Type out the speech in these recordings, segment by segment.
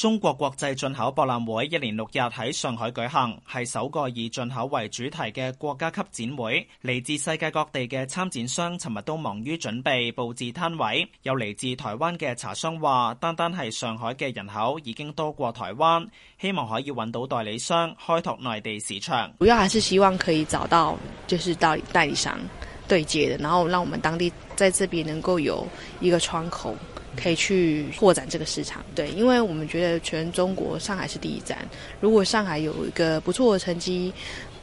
中國國際進口博覽會一連六日喺上海舉行，係首個以進口為主題嘅國家級展會。嚟自世界各地嘅參展商尋日都忙於準備佈置攤位。有嚟自台灣嘅茶商話：單單係上海嘅人口已經多過台灣，希望可以揾到代理商開拓內地市場。主要還是希望可以找到，就是代代理商對接的，然後讓我們當地在這邊能夠有一個窗口。可以去擴展這個市場，對，因為我們覺得全中國上海是第一站。如果上海有一個不錯的成績，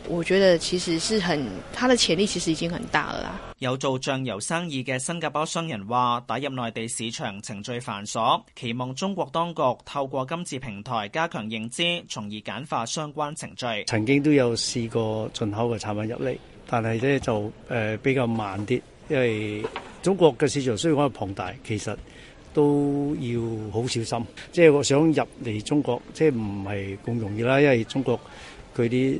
我覺得其實是很，它的潛力其實已經很大啦。有做醬油生意嘅新加坡商人話，打入內地市場程序繁瑣，期望中國當局透過今次平台加強認知，從而簡化相關程序。曾經都有試過進口嘅產品入嚟，但係呢就誒、呃、比較慢啲，因為中國嘅市場雖然講係龐大，其實。都要好小心，即係我想入嚟中國，即係唔係咁容易啦。因為中國佢啲誒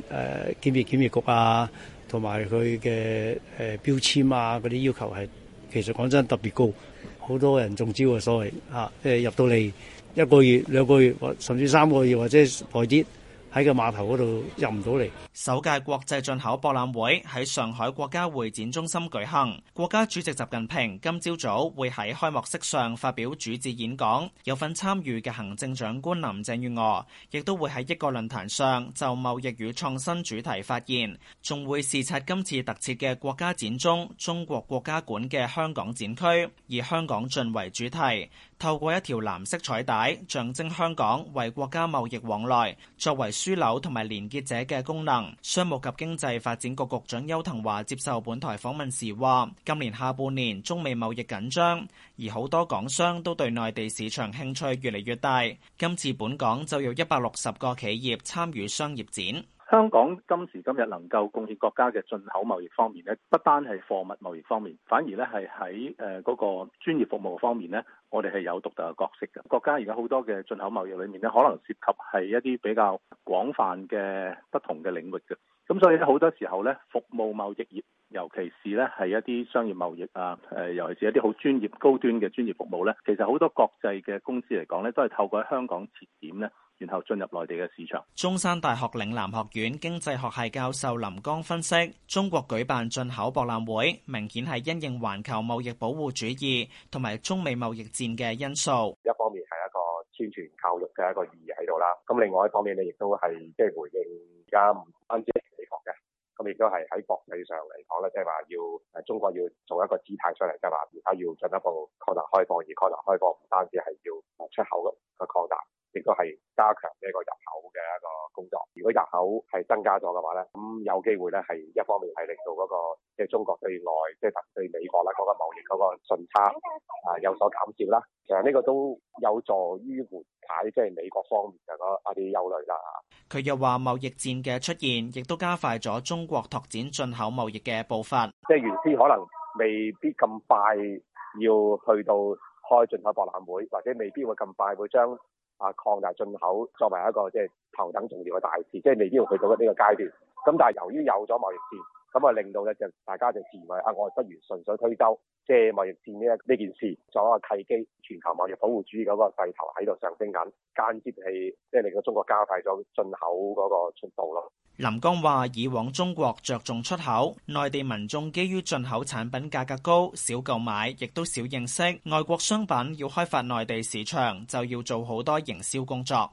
檢驗檢驗局啊，同埋佢嘅誒標籤啊嗰啲要求係其實講真特別高，好多人中招啊，所謂即係入到嚟一個月、兩個月，或甚至三個月或者耐啲。喺個碼頭嗰度入唔到嚟。首屆國際進口博覽會喺上海國家會展中心舉行，國家主席習近平今朝早會喺開幕式上發表主旨演講。有份參與嘅行政長官林鄭月娥，亦都會喺一個論壇上就貿易與創新主題發言。仲會視察今次特設嘅國家展中中國國家館嘅香港展區，以香港進為主題，透過一條藍色彩帶象徵香港為國家貿易往來作為樞紐同埋連結者嘅功能，商務及經濟發展局局長邱騰華接受本台訪問時話，今年下半年中美貿易緊張，而好多港商都對內地市場興趣越嚟越大。今次本港就有一百六十個企業參與商業展。香港今時今日能夠貢獻國家嘅進口貿易方面咧，不單係貨物貿易方面，反而咧係喺誒嗰個專業服務方面咧，我哋係有獨特嘅角色嘅。國家而家好多嘅進口貿易裏面咧，可能涉及係一啲比較廣泛嘅不同嘅領域嘅。咁所以咧好多時候咧，服務貿易業尤其是咧係一啲商業貿易啊，誒，尤其是一啲好專業高端嘅專業服務咧，其實好多國際嘅公司嚟講咧，都係透過香港設點咧。然後進入內地嘅市場。中山大學嶺南學院經濟學系教授林江分析：中國舉辦進口博覽會，明顯係因應環球貿易保護主義同埋中美貿易戰嘅因素。一方面係一個宣傳教育嘅一個意義喺度啦。咁另外一方面咧，亦都係即係回應而家唔單止美國嘅。咁亦都係喺國際上嚟講咧，即係話要誒中國要做一個姿態出嚟，即係話而家要進一步擴大開放，而擴大開放唔單止係要出口去擴大。亦都係加強呢一個入口嘅一個工作。如果入口係增加咗嘅話咧，咁有機會咧係一方面係令到嗰個即係中國對外即係對美國啦嗰個貿易嗰個順差啊有所減少啦。其實呢個都有助於緩解即係美國方面嘅嗰啲憂慮啦。佢又話貿易戰嘅出現，亦都加快咗中國拓展進口貿易嘅步伐。即係原先可能未必咁快要去到開進口博覽會，或者未必會咁快會將。啊，擴大進口作為一個即係頭等重要嘅大事，即係未必要去到呢個階段。咁但係由於有咗貿易戰。咁啊，令到咧就大家就自然為啊，我啊不如順水推舟，即係貿易戰呢呢件事作一個契機，全球貿易保護主義嗰個勢頭喺度上升緊，間接係即係令到中國加快咗進口嗰個速度咯。林江話，以往中國着重出口，內地民眾基於進口產品價格高，少購買亦都少認識外國商品，要開發內地市場就要做好多營銷工作。